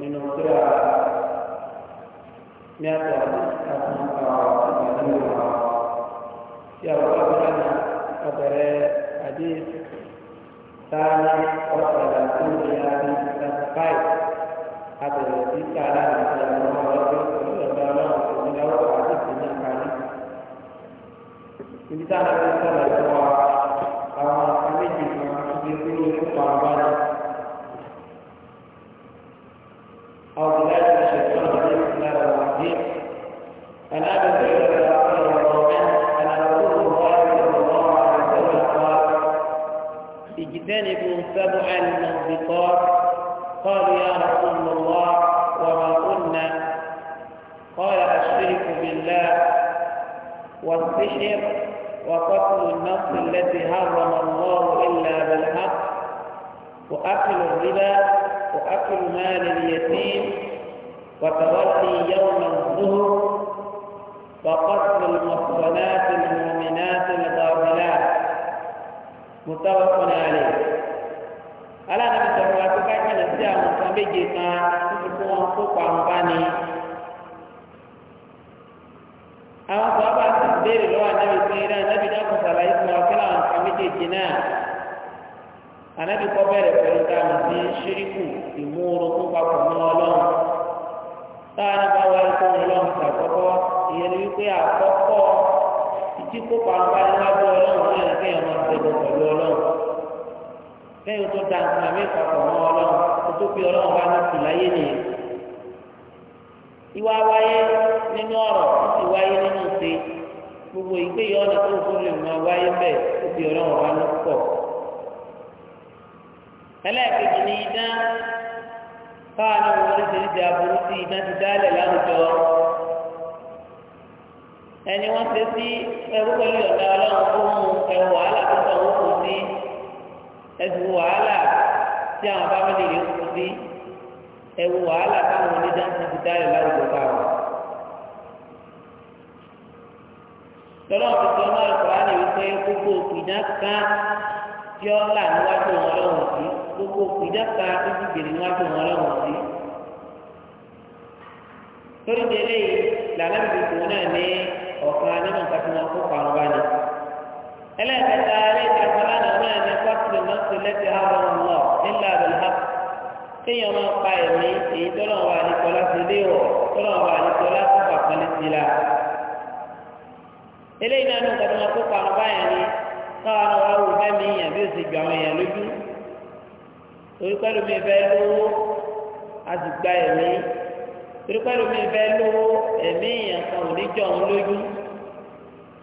nínú kíra ní àti àti àtúntà tí a bá bá ní abẹ̀rẹ̀ àdé sáárá ọ̀sẹ̀lá tó ń di àti àti báyìí abẹ̀rẹ̀ tí sáárá ní ìjà ọmọ ọlọ́dún pẹ̀lú ọ̀dọ́ ọlọ́run tó ní lọ́wọ́ àti ìpínlẹ̀ àkàlẹ́. ibi táwọn ẹgbẹ́ sọ̀rọ̀ ìfọwọ́ àwọn àkàlẹ́ ìgbìmọ̀ àti ìgbìmọ̀ ìfọwọ́ àwọn bá náà. السبع المنبطات قالوا يا رسول الله وما قلنا قال أشرك بالله والسحر وقتل النفس التي حرم الله إلا بالحق وأكل الربا وأكل مال اليتيم وتولي يوم الظهر وقتل المحصنات المؤمنات الغافلات متفق عليه ala sọ̀rọ̀ wa pé káyọ̀ lè sí àwọn nǹkan méje kan títí kí wọ́n kópa wọn bá ní. àwọn sọ̀rọ̀ bá sì béèrè lọ́wọ́ anábì sí iná anábì náà kò sàlàyé fún wa kí láwọn nǹkan méjèèjì náà anábì kọ́ bẹ̀rẹ̀ pẹ̀lú táwọn sí ṣíríkù mọ́ ọlọ́run táwọn ọlọ́run ìyẹn ni wípé àkọ́kọ́ wọn bá ní e tó da nǹkan àmì ìpapọ̀ mọ́ ọlọ́run kó tó fi ọlọ́run bá ní tìláyé nìyẹn. ìwà wáyé nínú ọ̀rọ̀ ó sì wáyé nínú ṣe gbogbo ìgbéyà ọ̀nà tó fún lè máa wáyé bẹ́ẹ̀ ó fi ọlọ́run bá pọ̀. ẹlẹ́ẹ̀kejì ni idán káwọn ọmọ ihe aburú tí ti dálẹ̀ láwùjọ ẹni wọ́n ṣe sí ẹrú pẹ̀lú ọ̀dà ọlọ́run tó mú ẹsùn wàhálà tí àwọn fámìlì rẹ̀ kú sí ẹwù wàhálà táwọn onídàájú ti dá rẹ̀ láwùjọ bá wọn. lọ́dọ̀ ti sọ náà lọ́kọ̀ọ́ ní wípé gbogbo òpìdá kan tí ó là níwájú wọn lọ́wọ́ sí gbogbo òpìdá kan tó ti bèrè níwájú wọn lọ́wọ́ sí. torí délé làlábìbì tó náà ní ọ̀kan nínú nǹkan tí wọ́n kó pa wọn bá ẹlẹ́ẹ̀kẹta rí ìtàkùnlá náà náà ní kọ́tùlù náà sì lẹ́tì ààrùn lọ nílà bilhaq kéèyàn máa pa ẹ̀mí èyí tọ́lọ̀ wà la.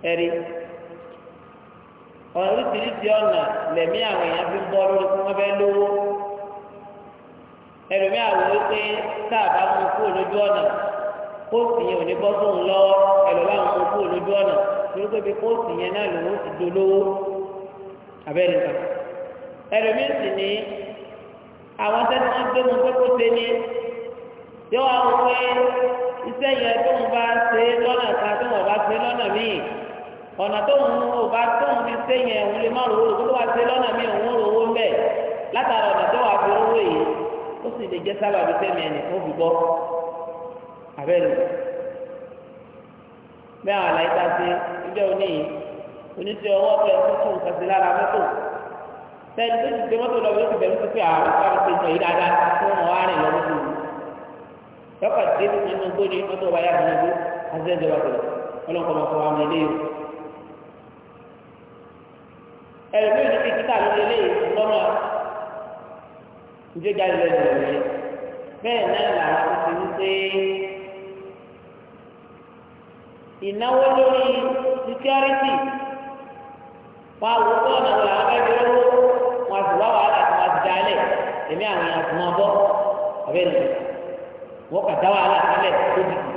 a ọ̀nà oríṣiríṣi ọ̀nà lẹ̀mí àwọn èèyàn fi bọ́ lórí fún wọn bẹ́ẹ̀ lówó ẹlòmí àwọn wípé tá bá mú ọ̀nà kóòtù yẹn ò ní bọ́ sóun lọ́wọ́ ẹlòmí àwọn ọ̀nà torí pé kóòtù yẹn náà lòun ti abẹ́rẹ́ ẹlòmí sì ní àwọn sẹ́ni gbé mu pé ọ̀nà tó ń ò bá tó ń fi sé yẹn òun lè má rò ó tó wá sí lọ́nà mi òun rò ó mbẹ́ látara ọ̀nà tó wà fi owó yìí ó sì lè jẹ́ sábàbí sẹ́mi ẹni fi bẹ́ẹ̀ ta òní yìí ọwọ́ tó tó nǹkan sí lára mọ́tò sẹ́ni tó ti gbé mọ́tò lọ́wọ́ ti bẹ̀rù sí pé àwọn ọ̀pá mi ti yàn yí dáadáa tó ẹlòmíì ní kíkítà ló lé lé lọ́nà ìjọba ìlẹ̀ ìlẹ̀ bẹ́ẹ̀ náà làwọn tó ti ń pé ìnáwó lórí síkírọ́rìtì wọn àwọn tó ala wọn làwọn bẹ́ẹ̀ bẹ́ẹ̀ lọ́wọ́ wọn sì wá wàhálà tí wọn ti èmi àwọn bọ́ wọn kà dá wàhálà sílẹ̀ lójijì.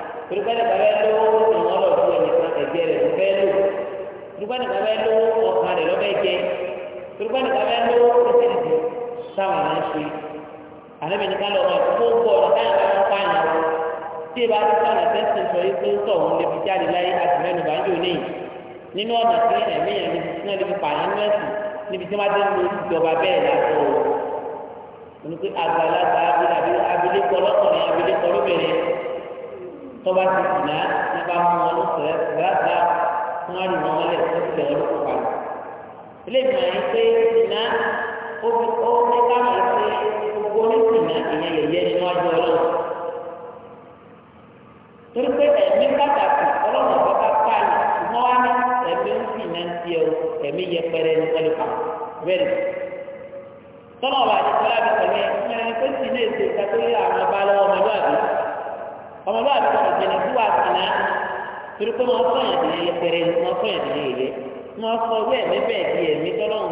tolukẹ́ni kan bẹ́ẹ̀ lówó ìwọ́n lọ fún ẹnìkan ẹ̀jẹ̀ rẹ̀ ló bẹ́ẹ̀ lò tolukẹ́ni kan bẹ́ẹ̀ lówó ọ̀kan rẹ̀ lọ́bẹ̀ jẹ tolukẹ́ni kan bẹ́ẹ̀ lówó kẹsẹ̀lì sáwọn náà ṣe àlẹ́bìnrin kan lọ́wọ́ tó bọ̀ lọ́kàn àwọn pààyàn tí ìbá tó sọ̀rọ̀ tẹ́sán sọ yìí tó ń sọ òun lébi jáde láyé àti mẹ́nu bá ń jò ní nínú ọ̀nà tí ẹ̀mí yẹn níbi tí wọ́n lè fi pààyàn ní ẹ̀sìn níbi tí wọ́n ti ń lo ìjọba bẹ́ẹ̀ lásán o onípe àgbàlagbà abilékọ lọ́kùnrin abilékọ lóbìnrin tọ́ba ti sì náà nípa mú wọn lọ́sọ̀rọ̀ ẹ̀ bá fún àrùn tó ti lọ́ọ́ lọ́kọ̀ torí pé wọn fọyàn bí yẹn pẹrẹ wọn fọyàn bí yẹn yẹ wọn fọ ọwọ́ ẹmí bẹ́ẹ̀ di ẹmí tọlọ́run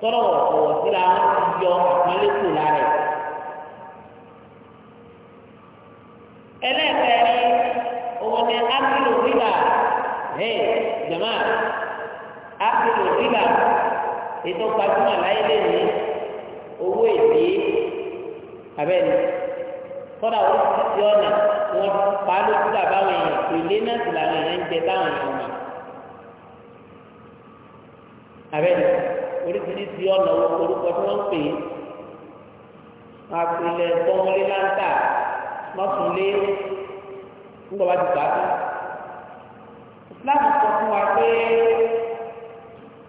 tọlọ́rọ̀ ọwọ́ síra wọn ti yọ àpọnlé kù lára ẹ. ẹlẹ́ẹ̀kẹ́rin òun ni ákìlò rírà ẹ̀ jẹ̀má ákìlò rírà ètò gbajúmọ̀ láyé lẹ́yìn owó èdè abẹ́ni kọ́dà oríṣiríṣi ọ̀nà wọn pa lójú àbáwọn èèyàn èlé náà sì làwọn èèyàn ń jẹ táwọn èèyàn mọ̀ abẹ́rẹ́ oríṣiríṣi ọ̀nà orúkọ tí wọ́n ń pè é àpilẹ̀ tọ́wọ́lé láńtà mọ́túnlé ńgbọ́ e, bá ti gbà tó. Ìsìláàmù sọ fún wa pé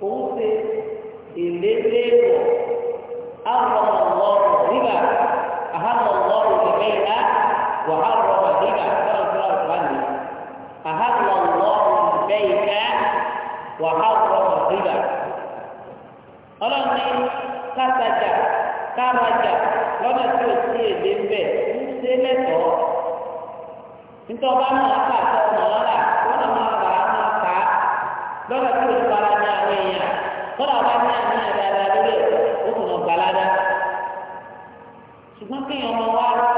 òun ṣe ìlélẹ́wọ̀ e àwọn ọmọ وحرم الربا كما في القرآن أهل الله البيع وحرم الربا ọlọ́run ní kátajà kárajà lọ́nà tí o sí èdè ń bẹ̀ ń ṣe lẹ́tọ̀ọ́ nítorí ọba náà pàṣẹ ọmọ lọ́la lọ́nà máa rà á máa kà á lọ́nà tí o fara ní àwọn èèyàn lọ́nà ọba ní àmì àdáadáa lórí ẹ̀ ó kùnà gbalada ṣùgbọ́n kéèyàn máa wá lọ.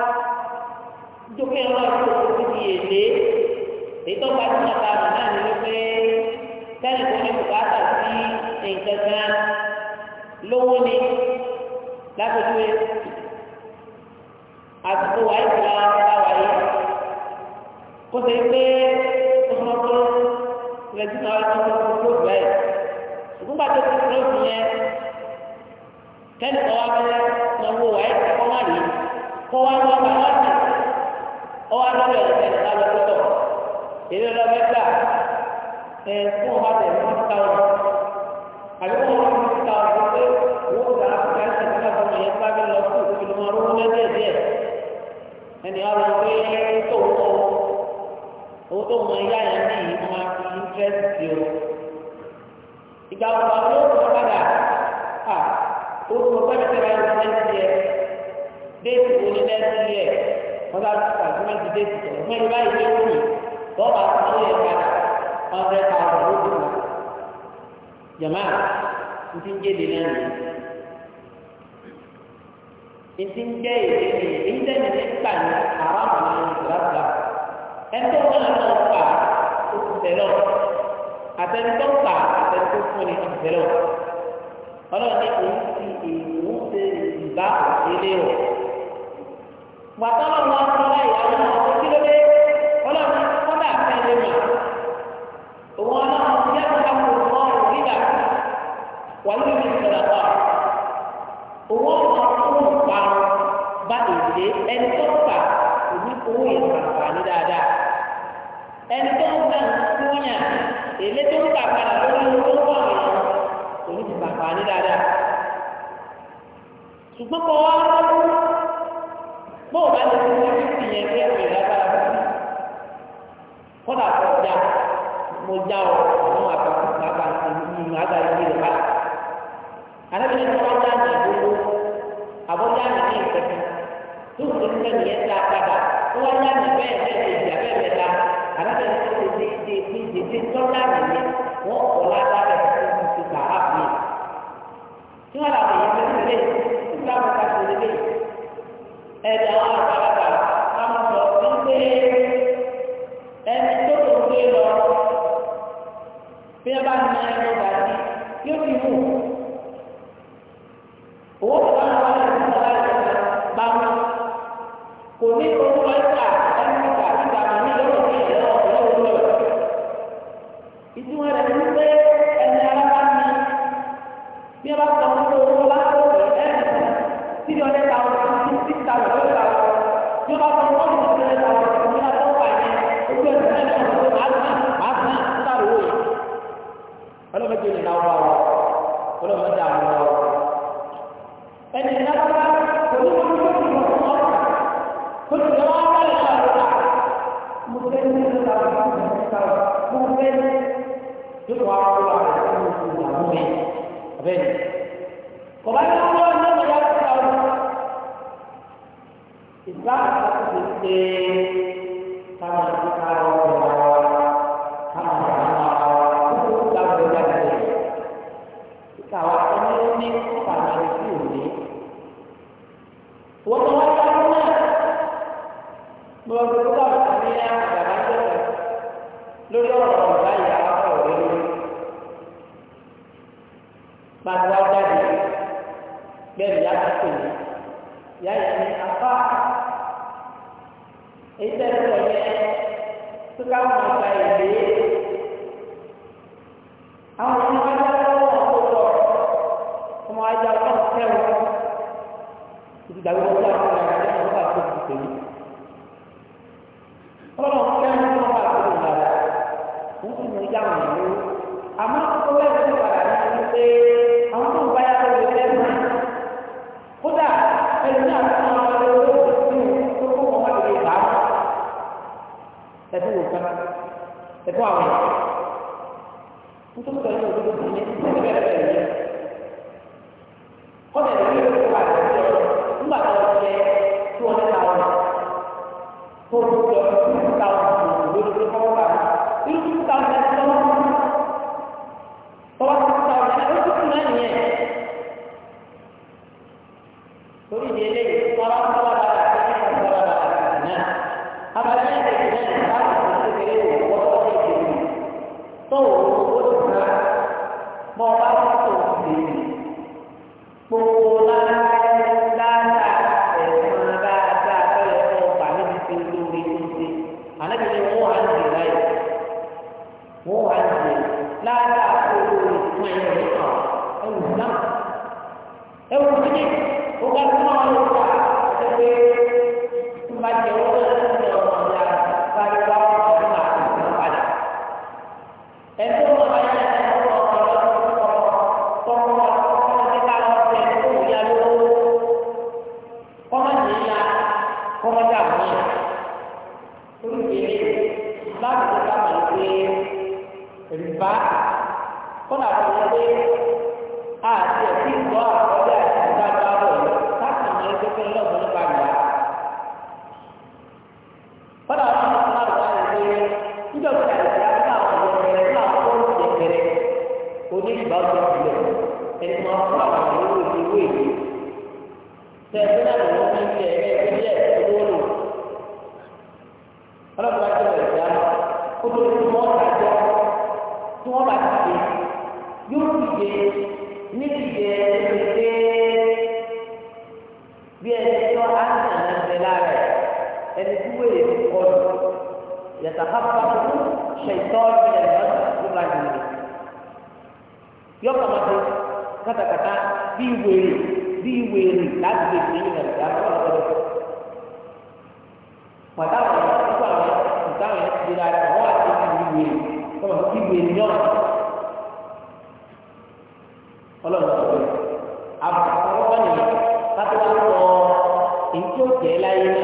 kankan lówó ni lápẹjúwe àsìkò wàá ìgbà láwàá yìí kó ṣe pé ó sọ pé ìrètí náà tó ń kó kó bẹ́ẹ̀ ṣùgbọ́n gbàtọ́ tó ń lọ sí yẹn kẹ́nìkan wá bẹ́ẹ̀ náà wó wàá ìgbà kọ́ wá rí kọ́ wá lọ́ọ́ bá wá sí ọwọ́ lọ́wọ́ ẹ̀ ẹ̀ ká lọ́ọ́ tó tọ̀ èrè lọ́ọ́ bẹ́ẹ̀ gbà ẹ̀ fún ọba tẹ̀ fún ọba ìgbà wo àwọn yóò sọ padà à ó sọ pé ẹ̀ka yóò ní ẹ̀sì yẹ déètì wo ní ẹ̀sì yẹ wọ́n bá ti pàṣẹ wọn ti déètì tẹ̀ wọ́n yóò báyìí lé wù wọ́n bá ti lé ẹ̀ka ọ̀rẹ́ ta ọ̀rọ̀ ló dùn jama n ń jẹ́ náà nìyí n ń jẹ́ ìdílé nìyí n tẹ́ ní ní gbà ní. tẹ́lẹ̀ ọlọ́run ní òun ti èèwọ̀ ṣe ìbá òṣèlé rẹ̀ pàtó ọlọ́run wọn fún ọlá ìyá wọn ọ̀hún kí ló dé ọlọ́run kọ́dà fẹ́ẹ́ lè mọ̀ òun ọlọ́run ti yàtọ̀ ká kó mọ́ ọ̀rùn nígbà wà lórí ìṣẹ̀lẹ̀ pa òun ọ̀rùn ọ̀hún pa bá èdè ẹni tó fà òun owó yẹn fàfà ní dáadáa ẹni tó ń gbà ń fún èlé tó ń gbà padà lórí ṣùgbọ́n kọ́ wá rárá bó bá lè fi wọ́n fífi yẹn ní ẹ̀rọ lágbára mi kọ́dà kọ́ já mo já ọ àwọn àtàkùn bàbá ìlú agbára ìlú rẹ̀ alábìlẹ̀ tó wá já ní ìdúró àbọ̀já ní ní ìtẹ̀kùn tó ń tó ń nìyẹn tá a tó wá já ní bẹ́ẹ̀ bẹ́ẹ̀ ìjà bẹ́ẹ̀ bẹ́ẹ̀ ta alábìlẹ̀ tó ti dé dé dé dé dé tó já nìyẹn wọ́n wọ́n làwọn èèyàn táwọn ká ṣe lé ẹ̀dá àwọn àgbàlagbà. lọ́dún tó bá wà ní àgbàrá jọ̀rọ̀ lórí ọ̀rọ̀ ọ̀gá ìyá ọ̀rẹ́ lórí. Pàtó ajáde bẹ́ẹ̀ ìyá bá pè mí. Ìyá yẹn ní afá. Èyí tẹ́lẹ̀ sọ yẹn tó ká mọ̀ ọ̀gá ìlé. Àwọn ọmọ ajá lọ́wọ́ wọn kó lọ. Ọmọ ajá lọ́wọ́ tẹ́wọ̀n. Ìdìgbàgbọ́ ọjọ́ àwọn ọmọ dáhùn Tolong, kau tak mau apa-apa Deus. ọlọ́run sọ̀rọ̀ àbùkù ọ̀pọ̀ nìyẹn kátó wá èyí tí jẹ́ láyé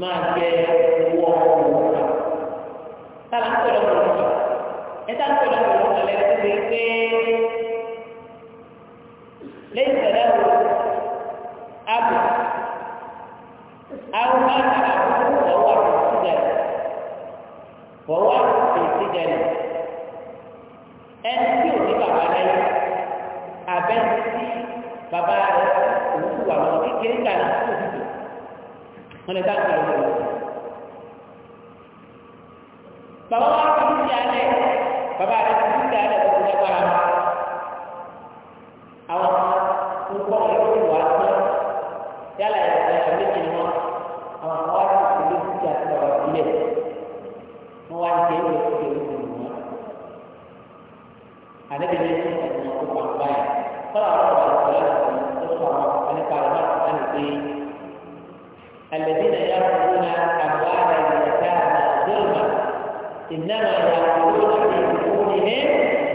máa jẹ owó ọmọ òun kan tára ń pèlú ọmọ òun kan ẹta ń pèlú ọmọ òun kan lẹ́yìn tó ṣe pé lẹ́yìn tẹ̀lé o abu abu máa ń ta àbúrò wọ́wọ́ àbúrò síjà wọ́wọ́ àbúrò síjà nìyẹn wà láyé abẹ́ tí bàbá rẹ̀ òun ti wà lọ́wọ́ kékeré gbà ní kó dìbò wọn lè dá ìgbà lọ́wọ́. bàbá wa kò ní ìyá rẹ̀ bàbá rẹ̀ kò ní ìyá rẹ̀ kò ní ìyá rẹ̀ àwọn nǹkan ọ̀rẹ́ tó wà á yálà ìrẹsì méjì ni wọn àwọn àwọn àti ìdílé ti àti bàbá ìdílé wọn wá ní kéwòn أنا كذا أنا أقول عن باي ترى أقول عن تصور أنا كلمات أنا في الذين يأخذون أموال اليتامى ظلما إنما يأخذون في بطونهم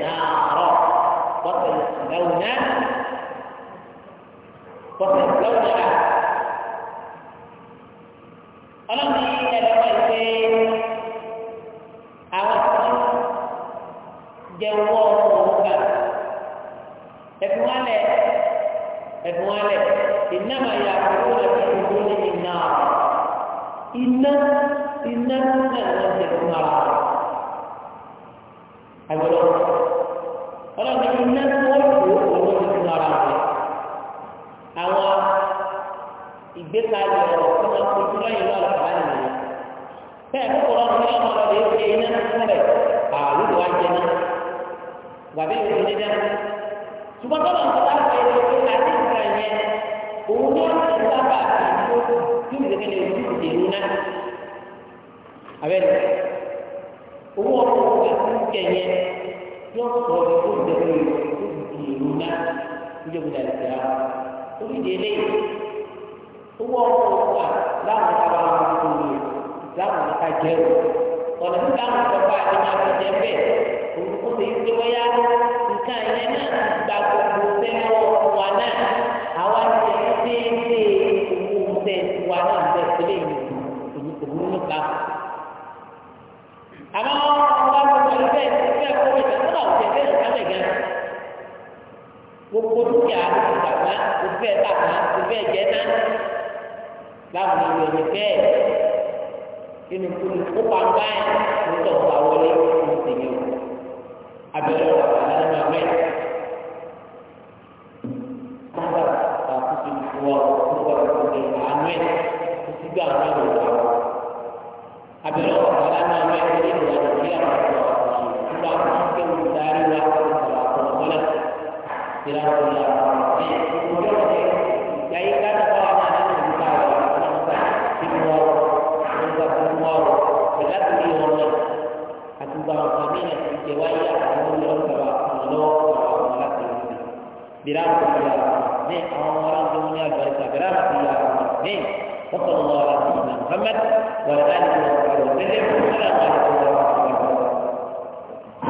نارا وسيصلون وسيصلون ìgbékalẹ̀ ọ̀rọ̀ tó máa fojú lẹ́yìn náà lọ́kàá nìyẹn. bẹ́ẹ̀ kókòrò ọ̀rọ̀ ní ọmọ rẹ̀ ṣe iná fún rẹ̀ àlùkò ajé náà wàbí ìwé ní dẹ́nu. ṣùgbọ́n tó lọ́n tó bá fẹ́ lọ sí àti ìgbà yẹn òun ní ọ̀sẹ̀ sábà àti ìjó yóò lè kẹ́lẹ́ ojú ìdèrú náà. abẹ́rẹ́ owó ọkọ̀ àti ìjẹ yẹn owó ọkọ̀ wà láwọn ọba àwọn ọmọ ìlú láwọn ọba jẹ́ o ọ̀nà tí láwọn ọba àwọn ọmọ ìlú jẹ́ bẹ́ẹ̀. lò bẹ́ẹ̀ inú kúlù ó pa báyìí ní tọ̀gbà wọlé ní tèmi o abẹ́rẹ́ wà láti máa bẹ́ẹ̀. Sábà àkóso ìfowó nípa ìfowópamọ́ àánú ẹ̀ kò sí gbà wọn lò wá. Abẹ́rẹ́ wà láti máa bẹ́ẹ̀ ní ìlú àdìsí àwọn ọ̀rọ̀ àkóso nígbà wọn kí wọ́n darí wá lọ́wọ́ àwọn ọ̀rọ̀ mọ́lẹ̀. Ìlànà ìlànà ọ̀rọ̀ ẹ̀ ìjọba ẹ̀ ìgbà yìí ká الأبصار والأكل والنفس أتبع قمينة الجواية أقول لهم سواء الله سواء ملك المسلم برحمة الله نعم أو مرام دنيا البركة برحمة الله نعم وصلى الله على سيدنا محمد وعلى آله وصحبه وسلم والسلام عليكم ورحمة الله